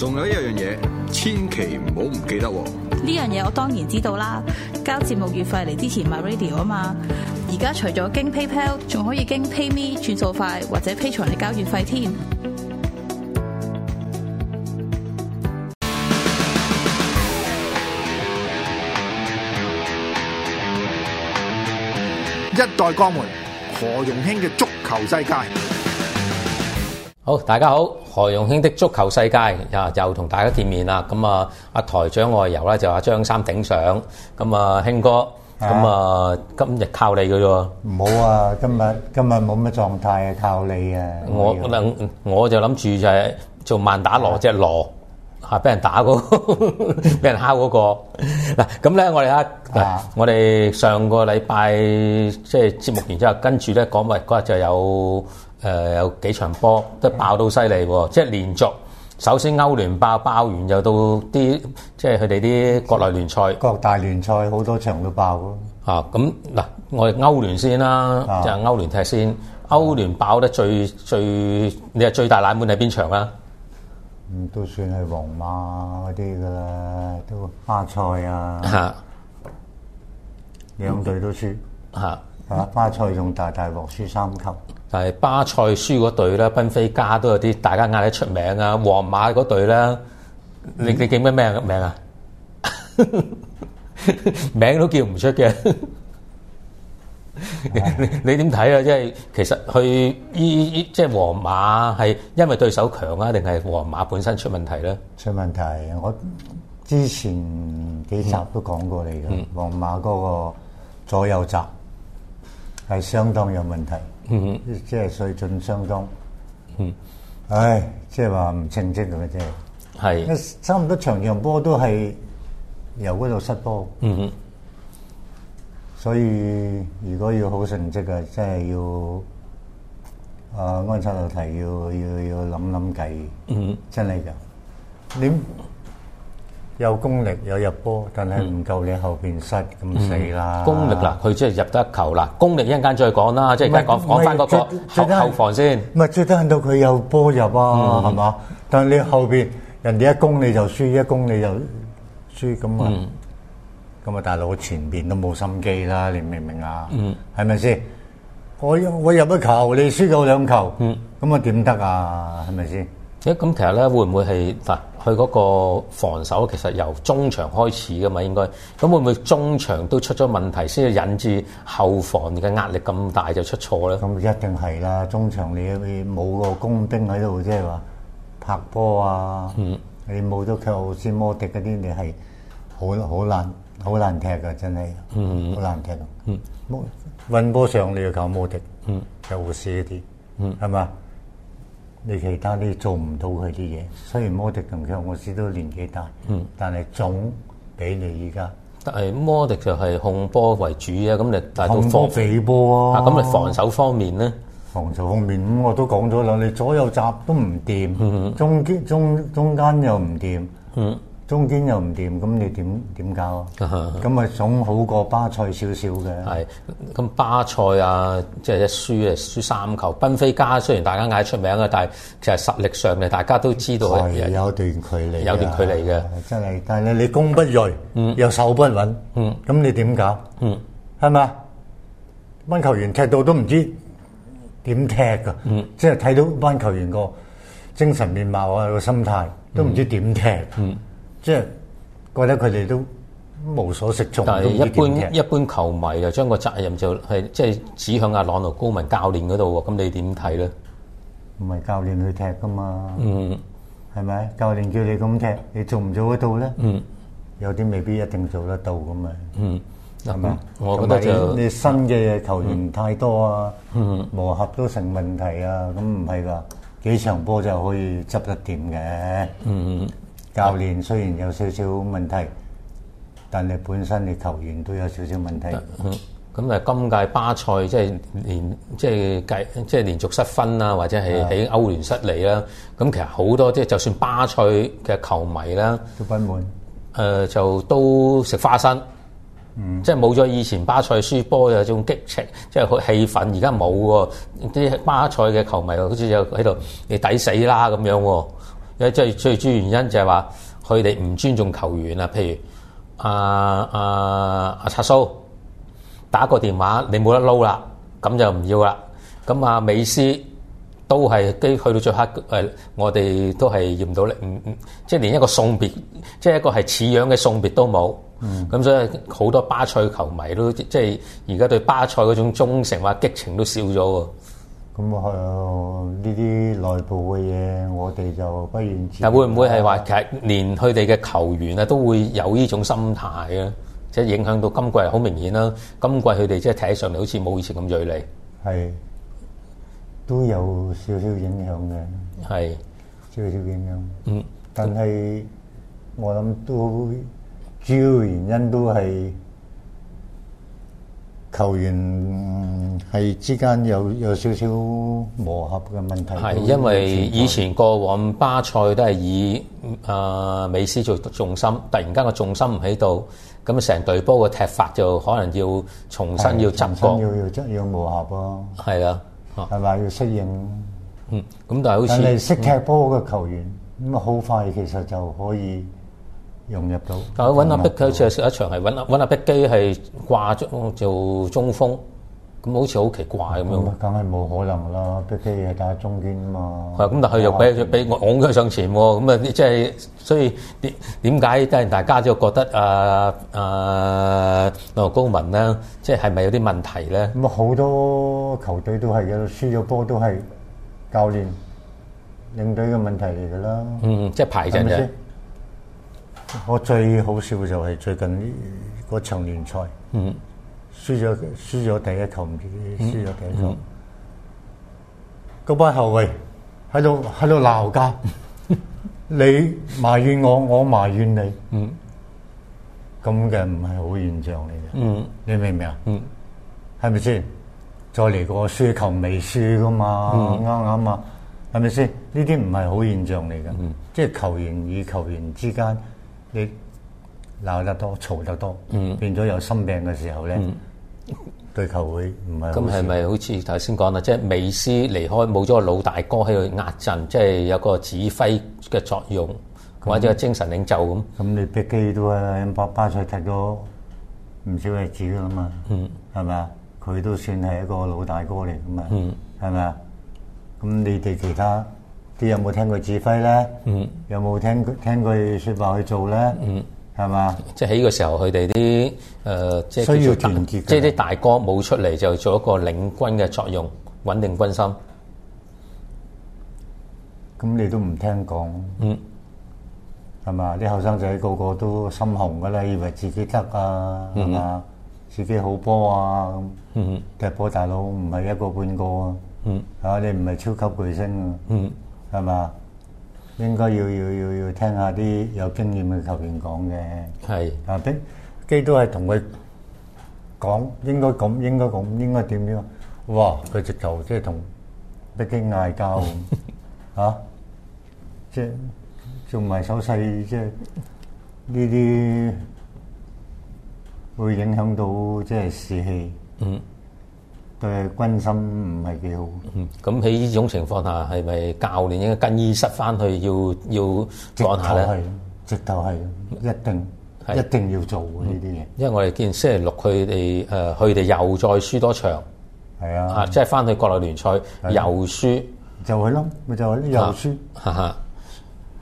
仲有一樣嘢，千祈唔好唔記得喎！呢樣嘢我當然知道啦，交節目月費嚟支持 MyRadio 啊嘛！而家除咗經 PayPal，仲可以經 PayMe 轉數快，或者 Patreon 嚟交月費添。一代鋼門何容興嘅足球世界，好，大家好。何容興的足球世界啊，又同大家見面啦。咁啊，阿、啊、台長外遊咧就阿、啊、張三頂上。咁啊，興哥，咁啊，啊今日靠你嘅喎。唔好啊，今日今日冇乜狀態啊，靠你啊。我諗我就諗住就係做萬打羅只、啊、羅嚇，俾、啊、人打嗰、那個，俾 人敲嗰、那個。嗱、啊，咁咧我哋啊，啊，我哋上個禮拜即係節目完之後，跟住咧講話嗰日就有。誒、呃、有幾場波都爆到犀利喎！即係連續，首先歐聯爆爆完，又到啲即係佢哋啲國內聯賽、各大聯賽，好多場都爆咯。啊，咁嗱，我哋歐聯先啦，啊、就歐聯踢先。啊、歐聯爆得最最，你係最大冷門喺邊場啊？咁、嗯、都算係皇馬嗰啲㗎啦，都巴塞啊。嚇、啊，兩隊都輸嚇嚇、啊啊啊，巴塞仲大大鑊輸三級。就係巴塞輸嗰隊啦，賓菲加都有啲大家嗌得出名啊，皇馬嗰隊啦，你你叫咩咩名啊？名， 名都叫唔出嘅。 你你點睇啊？即係其實去依即係皇馬係因為對手強啊，定係皇馬本身出問題咧？出問題，我之前幾集都講過你嘅，嗯嗯、皇馬嗰個左右閘係相當有問題。嗯哼，即係水準相當，嗯，唉，即係話唔稱職咁嘅啫，係、就是、是差唔多場場波都係由嗰度失波，嗯哼，所以如果要好成績嘅，真、就、係、是、要啊、呃、安插頭題，要要要諗諗計，嗯哼，真係噶，你。有功力有入波，但係唔夠你後邊失咁死啦！功力啦，佢即係入得球啦。功力一陣間再講啦，即係而家講講翻個角後防先。唔係，最多睇到佢有波入啊，係嘛？但係你後邊人哋一攻你就輸，一攻你就輸，咁咁啊！大佬前邊都冇心機啦，你明唔明啊？嗯，係咪先？我我入一球，你輸夠兩球，嗯，咁我點得啊？係咪先？誒咁其實咧，會唔會係嗱？佢嗰個防守其實由中場開始噶嘛，應該咁會唔會中場都出咗問題，先至引致後防而家壓力咁大就出錯咧？咁一定係啦，中場你你冇個工兵喺度，即係話拍波啊，嗯、你冇咗高斯摩迪嗰啲，你係好好難好難踢噶，真係好難踢的嗯。嗯，運波上你要靠摩迪，嗯，有高斯啲，嗯，係嘛？你其他啲做唔到佢啲嘢，雖然摩迪同強哥師都年紀大，嗯，但係總比你而家。但係摩迪就係控波為主啊，咁你但到防波肥波啊，咁你、啊、防守方面咧？防守方面，咁我都講咗啦，你左右閘都唔掂，嗯、哼中堅中中間又唔掂，嗯。中間又唔掂，咁你點點教啊？咁啊是總好過巴塞少少嘅。係，咁巴塞啊，即、就、係、是、一輸啊，輸三球。賓菲加雖然大家嗌出名啊，但係就係實力上嘅，大家都知道係有段距離，有段距離嘅。離真係，但係咧，你攻不鋭，又手不穩，咁、嗯、你點搞？係嘛、嗯？班球員踢到都唔知點踢噶，即係睇到班球員個精神面貌啊，個心態都唔知點踢的。嗯嗯。即係覺得佢哋都無所適從。但係一般一般球迷就將個責任就係即係指向阿朗奴高文教練嗰度喎，咁你點睇咧？唔係教練去踢噶嘛？嗯，係咪？教練叫你咁踢，你做唔做得到咧？嗯，有啲未必一定做得到㗎嘛。嗯，係咪啊？我覺得就你新嘅球員太多啊，磨合都成問題啊。咁唔係話幾場波就可以執得掂嘅。嗯。教練雖然有少少問題，但係本身你球員都有少少問題。咁啊、嗯嗯，今屆巴塞即係連、嗯、即係繼即係連續失分啦，或者係喺歐聯失利啦。咁、嗯、其實好多即係就算巴塞嘅球迷啦，都不滿。誒、呃，就都食花生，嗯、即係冇咗以前巴塞輸波嘅一種激情，即係好氣憤。而家冇啲巴塞嘅球迷，好似又喺度你抵死啦咁樣、哦。最最主要原因就係話佢哋唔尊重球員啊，譬如啊啊啊，叉、啊啊、蘇打個電話你冇得撈啦，咁就唔要啦。咁啊，美斯都係跟去到最黑，誒、啊，我哋都係唸到咧，唔、嗯、唔、嗯，即係連一個送別，即係一個係似樣嘅送別都冇。咁、嗯、所以好多巴塞球迷都即係而家對巴塞嗰種忠誠話激情都少咗喎。咁啊，呢啲內部嘅嘢，我哋就不然知。但會唔會係話，其實連佢哋嘅球員啊，都會有呢種心態啊，即係影響到今季好明顯啦。今季佢哋即係睇起上嚟，好似冇以前咁鋭利。係都有少少影響嘅，係少少影響。嗯，但係我諗都主要原因都係球員。係之間有有少少磨合嘅問題。係因為以前過往巴塞都係以誒美斯做重心，突然間個重心唔喺度，咁成隊波嘅踢法就可能要重新是要執波，要要要磨合咯。係啊，係咪、啊、要適應、啊嗯？嗯，咁但係好似但係識踢波嘅球員，咁啊好快其實就可以融入到。但、嗯、啊，韋阿碧佢好似係上一場係韋阿韋納碧基係掛咗做中鋒。咁好似好奇怪咁樣，咁梗係冇可能啦！啲嘢打中堅啊嘛，咁，但係又俾俾我拱佢上前喎，咁啊即係所以點解即係大家就覺得啊啊、呃呃、羅高文呢？即係係咪有啲問題咧？咁好多球隊都係有輸咗波都係教練領隊嘅問題嚟噶啦，嗯，即係排陣嘅。我最好笑就係最近嗰場聯賽，嗯。輸咗輸咗第一球唔知輸咗幾多，嗰班、嗯嗯、後衛喺度喺度鬧架，嗯、你埋怨我，我埋怨你，咁嘅唔係好現象嚟嘅。嗯、你明唔明啊？係咪先？再嚟個輸球未輸噶嘛？啱啱啊？係咪先？呢啲唔係好現象嚟嘅，即係球員與球員之間你鬧得多，嘈得多，變咗有心病嘅時候咧。嗯對球會唔係咁，係咪好似頭先講啦？即係美斯離開，冇咗個老大哥喺度壓陣，即係有個指揮嘅作用，那或者個精神領袖咁。咁你逼基都喺巴巴塞踢咗唔少日子噶啦嘛，係咪啊？佢都算係一個老大哥嚟噶嘛，係咪啊？咁你哋其他啲有冇聽佢指揮咧？有冇聽佢、嗯、聽佢說話去做咧？嗯係嘛？即係呢個時候他們的，佢哋啲誒，即係需要團結嘅，即係啲大哥冇出嚟就做一個領軍嘅作用，穩定軍心。咁你都唔聽講，係嘛、嗯？啲後生仔個個都心紅㗎啦，以為自己得啊，係嘛、嗯？自己好波啊咁，踢波、嗯、大佬唔係一個半個啊，嚇、嗯啊、你唔係超級巨星啊，係嘛、嗯？應該要要要要聽下啲有經驗嘅球員講嘅。係啊，兵基都係同佢講應該咁，應該咁，應該點樣哇！佢直頭即係同北京嗌交咁嚇，即係做埋手勢，即係呢啲會影響到即係、即係、士氣。嗯。對軍心唔係幾好。嗯，咁喺呢種情況下，係咪教練應該更衣室翻去要要放下咧？直頭係，直頭係，一定是一定要做呢啲嘢。嗯、些因為我哋見星期六佢哋誒，佢、呃、哋又再輸多場。係啊，即係翻去國內聯賽又輸輸，就去咯，咪就係又輸。哈哈、啊，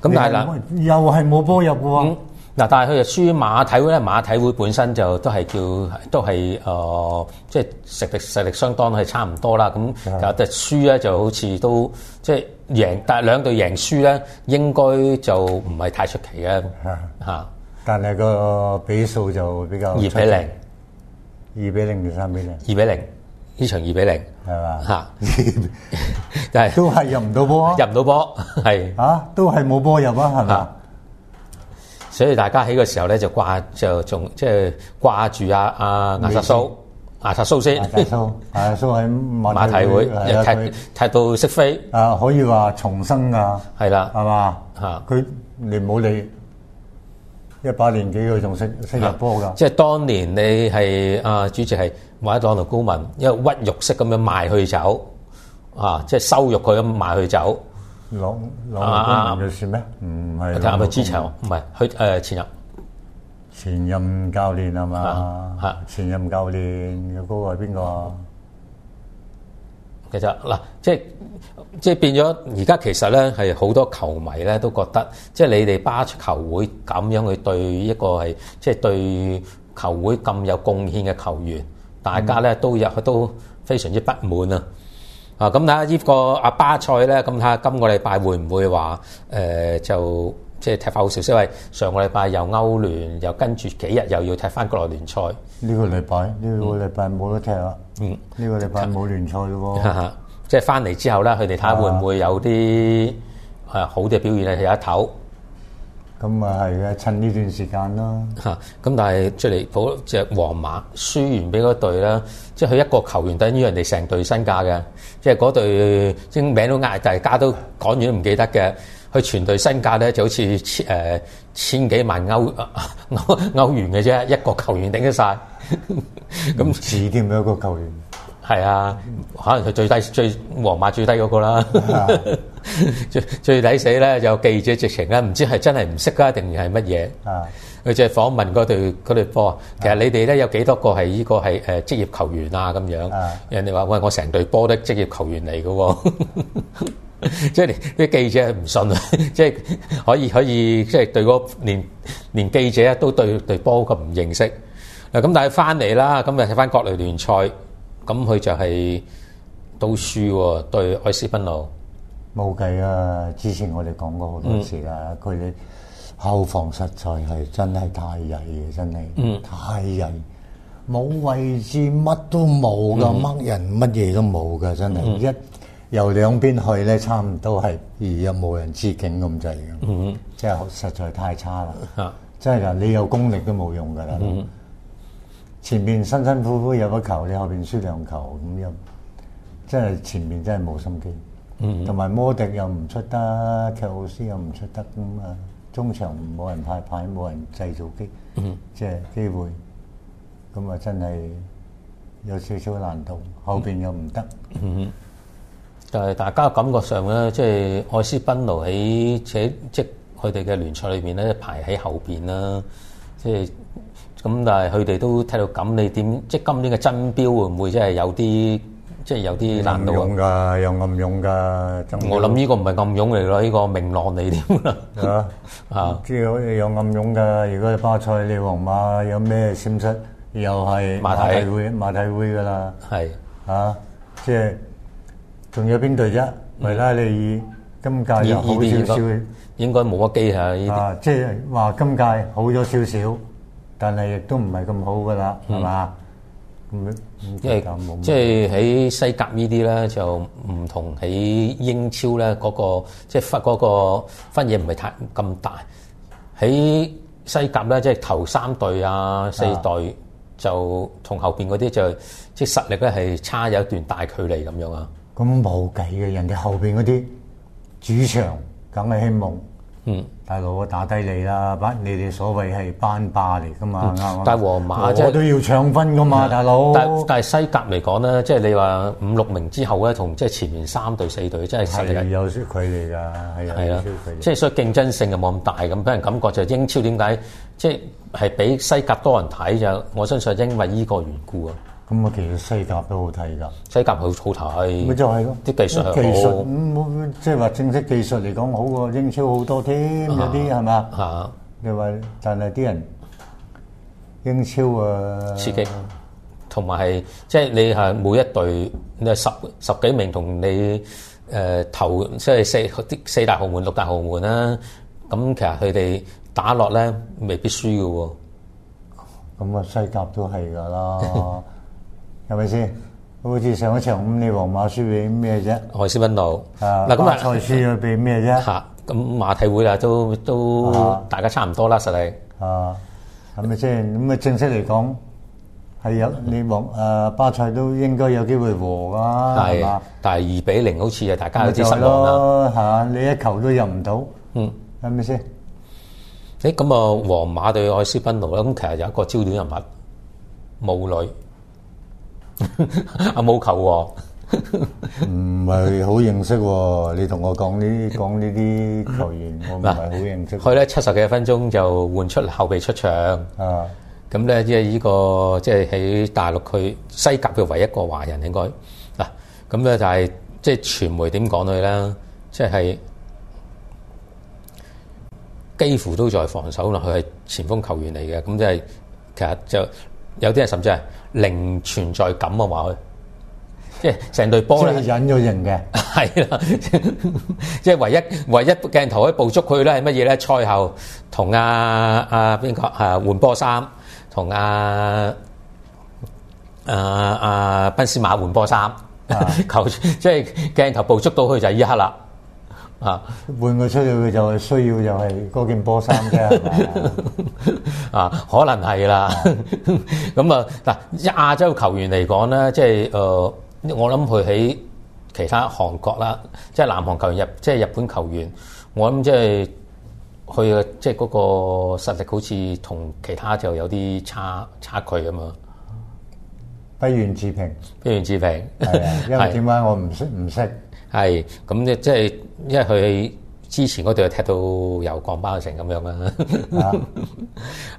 咁、啊、但係又係冇波入嘅喎、啊。嗯嗱，但係佢又輸馬體會，馬體會本身就都係叫都係誒、呃，即係實力實力相當係差唔多啦。咁有得輸咧，就好似都即係贏，但兩隊贏輸咧，應該就唔係太出奇嘅嚇。嗯嗯、但係個比數就比較二比，二比零，二比零定三比零，二比零呢場二比零係嘛嚇？係吧 是都係入唔到波，入唔到波係啊，都係冇波入啊，係嘛？是所以大家喺嗰時候咧，就掛就即係掛住阿阿牙刷蘇，牙刷、嗯、蘇先、啊。阿刷蘇，喺 馬體會，踢到識飛啊，可以話重生噶。係啦，係嘛？佢你冇理一百年幾佢仲識入波㗎。即、就、係、是、當年你係阿、啊、主席係馬黨度高民，因為屈辱式咁樣賣去走啊，即、就、係、是、羞辱佢咁賣去走。攞攞威廉嘅算咩？唔係，佢睇下佢支持，唔係，佢誒前任前任教練啊嘛。係、啊、前任教練嘅嗰、那個係邊個？其實嗱，即係即係變咗，而家其實咧係好多球迷咧都覺得，即係你哋巴球會咁樣去對一個係即係對球會咁有貢獻嘅球員，大家咧都入都非常之不滿啊！啊，咁睇下呢個阿巴塞咧，咁睇下今個禮拜會唔會話誒、呃、就即係踢翻好少，因為上個禮拜又歐聯，又跟住幾日又要踢翻國內聯賽。呢個禮拜，呢、呢個禮拜冇得踢啦。嗯，呢個禮拜冇聯賽咯喎。即係翻嚟之後咧，佢哋睇下會唔會有啲誒好嘅表現咧，有一唞。咁啊係呀，趁呢段時間啦嚇、嗯！咁但係出嚟嗰隻皇馬輸完俾嗰隊啦，即係佢一個球員等於人哋成隊身價嘅，即係嗰隊啲名都嗌，大家都講完都唔記得嘅。佢全隊身價咧就好似千、呃、千幾萬歐歐元嘅啫，一個球員頂得晒，咁值啲唔一個球員？係 那啊，可能佢最低最皇馬最低嗰個啦。嗯 最最抵死咧，有記者直情咧，唔知係真係唔識啊定係乜嘢？佢就訪問嗰隊嗰隊波，其實你哋咧有幾多個係呢個係誒職業球員啊？咁樣人哋話：喂，我成隊波都職業球員嚟嘅，即係啲記者唔信，即係可以可以，即係對嗰連連記者都對隊波咁唔認識。嗱咁，但係翻嚟啦，今日就睇翻國內聯賽，咁佢就係都輸對愛斯賓諾。冇計啊！之前我哋講過好多次啦，佢哋、嗯、後防實在係真係太曳嘅，真係、嗯、太曳，冇位置，乜都冇噶，乜、嗯、人乜嘢都冇噶，真係、嗯、一由兩邊去咧，差唔多係如入無人之境咁滯嘅，嗯、即係實在太差啦！啊、即係嗱，你有功力都冇用噶啦，嗯、前面辛辛苦苦入個球，你後面輸兩球咁又，真係前面真係冇心機。同埋摩迪又唔出得，喬斯又唔出得咁啊！中場冇人派牌，冇人製造機，嗯、哼即係機會，咁啊真係有少少難度。後邊又唔得、嗯，就係、是、大家感覺上咧，即係愛斯賓奴喺且即係佢哋嘅聯賽裏邊咧排喺後邊啦，即係咁，但係佢哋都睇到咁，你點即係今年嘅爭標會唔會即係有啲？即係有啲難度喎。暗湧㗎，有暗湧㗎。我諗呢個唔係暗湧嚟咯，呢個明浪嚟㗎啦。係啊，即係好似有暗湧㗎。如果巴塞、你皇馬有咩閃失，又係馬體會、馬體會㗎啦。係啊，即係仲有邊隊啫？維拉利爾今屆又好少少，應該冇乜機嚇。啊，即係話今屆好咗少少，但係亦都唔係咁好㗎啦，係嘛？嗯。因為即係喺西甲呢啲咧，就唔同喺英超咧，嗰個即係忽嗰個分野唔係太咁大。喺西甲咧，即係頭三隊啊四隊就同後邊嗰啲就即係實力咧係差有一段大距離咁樣啊。咁冇計嘅，人哋後邊嗰啲主場梗係希望嗯。大佬，我打低你啦！你哋所謂係班霸嚟噶嘛？啱唔啱？但皇馬即我都要搶分噶嘛，大佬。但但係西甲嚟講咧，即係你話五六名之後咧，同即係前面三隊四隊，真係係有啲距離㗎，係啊，即係的所以競爭性又冇咁大咁，俾人感覺就英超點解即係係比西甲多人睇就，我相信因為依個緣故啊。咁啊，其實西甲都好睇噶，西甲好好睇，咪就係、是、咯，啲技術是技術，即係話正式技術嚟講，好過英超好多添，有啲係嘛？嚇吧！啊、你話，但係啲人英超啊，刺激，同埋係即係你係每一隊，你十十幾名同你誒、呃、頭，即、就、係、是、四啲四大豪門、六大豪門啦。咁其實佢哋打落咧，未必輸嘅喎。咁啊，西甲都係㗎啦。 係咪先？好似上一場咁，你皇馬輸俾咩啫？愛斯賓奴。嗱咁啊，巴塞輸去俾咩啫？嚇！咁馬體會啦，都都大家差唔多啦，實力。嚇！係咪先？咁啊，是是正式嚟講係有你皇誒、呃、巴塞都應該有機會和噶，係嘛？但係二比零好似啊，是吧 0, 大家有啲失望啦、啊。你一球都入唔到，嗯，係咪先？誒咁啊，皇馬對愛斯賓奴咧，咁其實有一個焦點人物，母女。阿姆 沒球唔係好認識喎、啊，你同我講呢講呢啲球員，我唔係好認識。佢咧七十幾分鐘就換出後備出場，咁咧即係呢個即係喺大陸佢西甲嘅唯一一個個華人應該嗱，咁咧就係即係傳媒點講佢咧，即係幾乎都在防守，佢係前鋒球員嚟嘅，咁、嗯、即係其實就有啲人甚至係。零存在感啊嘛佢，即係成隊波咧，隱咗形嘅，係啦，即係唯一唯一鏡頭可以捕捉佢咧，係乜嘢咧？賽後同阿阿邊個啊換波衫，同阿阿阿賓斯馬換波衫，球是的 即係鏡頭捕，捕捉到佢就係依刻啦。啊，換個出嚟佢就係需要就係嗰件波衫啫，係咪 吧啊？可能係啦。咁吧 啊嗱，即亞洲球員嚟講咧，即係誒，我諗佢喺其他韓國啦，即、就、係、係、南韓球員、入，即係日本球員，我諗即係佢嘅即係嗰個實力好似同其他就有啲差差距咁嘛。不願置評，不願置評，啊、因為點解是我唔識唔識？係，咁咧即係因為佢之前嗰隊就踢到油鋼包成咁樣啦、啊。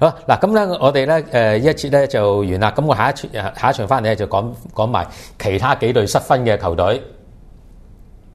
好，嗱咁咧，我哋咧誒一節咧就完啦。咁我下一場下一場翻嚟就講講埋其他幾隊失分嘅球隊。